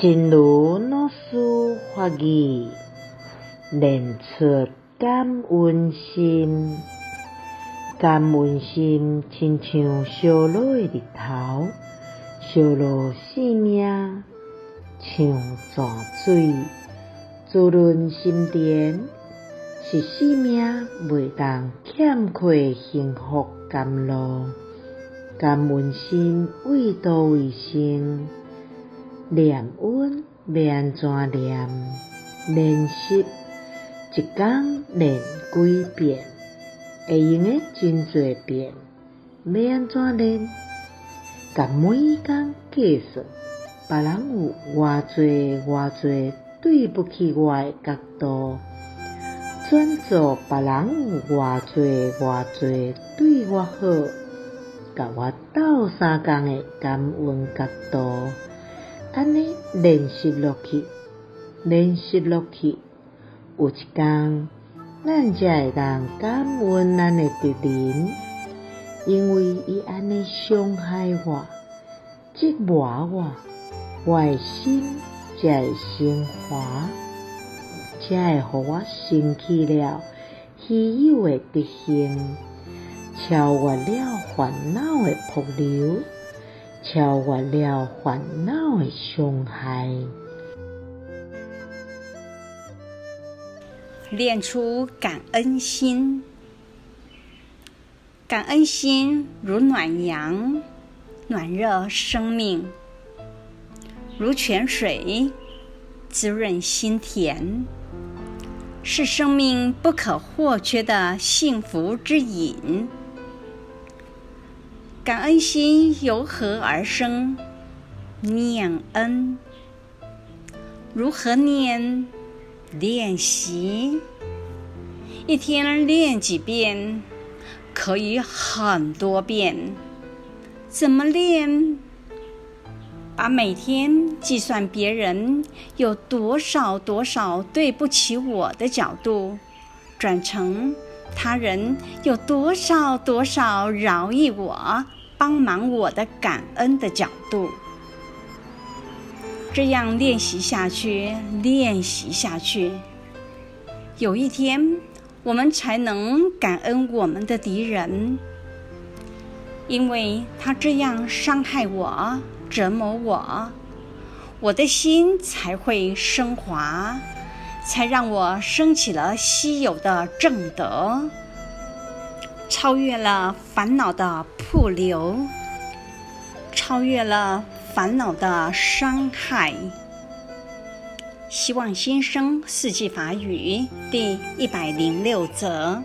真如老師法語練出感恩心。感恩心親像燒熱的日頭，燒熱生命，像泉水滋潤心田，是生命袂當欠缺的幸福甘露。感恩心為道為生？念恩要安怎念？練習，一天念幾遍？會用個真多遍。要安怎念？甲每工計算，別人有外儕外儕對不起我的角度，轉做別人有外儕外儕對我好，甲我鬥相共的感恩角度。安尼練習落去，練習落去，有一天，咱才會當感恩咱的敵人，因為伊安尼傷害我、折磨我，我的心才會升華，才會互我升起了，稀有的德行超越了煩惱的瀑流。超越了煩惱的傷害，練出感恩心。感恩心如暖陽，暖熱生命；如泉水，滋潤心田，是生命不可或缺的幸福之飲。感恩心由何而生？念恩，如何念？練習，一天練幾遍？可以很多遍。怎麼練？把每天計算別人有多少多少對不起我的角度，轉成他人有多少多少饒益我。幫忙我的感恩的角度，這樣練習下去，練習下去，有一天我們才能感恩我們的敵人，因為他這樣傷害我、折磨我，我的心才會昇華，才讓我生起了稀有的證德。超越了煩惱的瀑流，超越了煩惱的傷害。希望新生四季法語第一百零六則。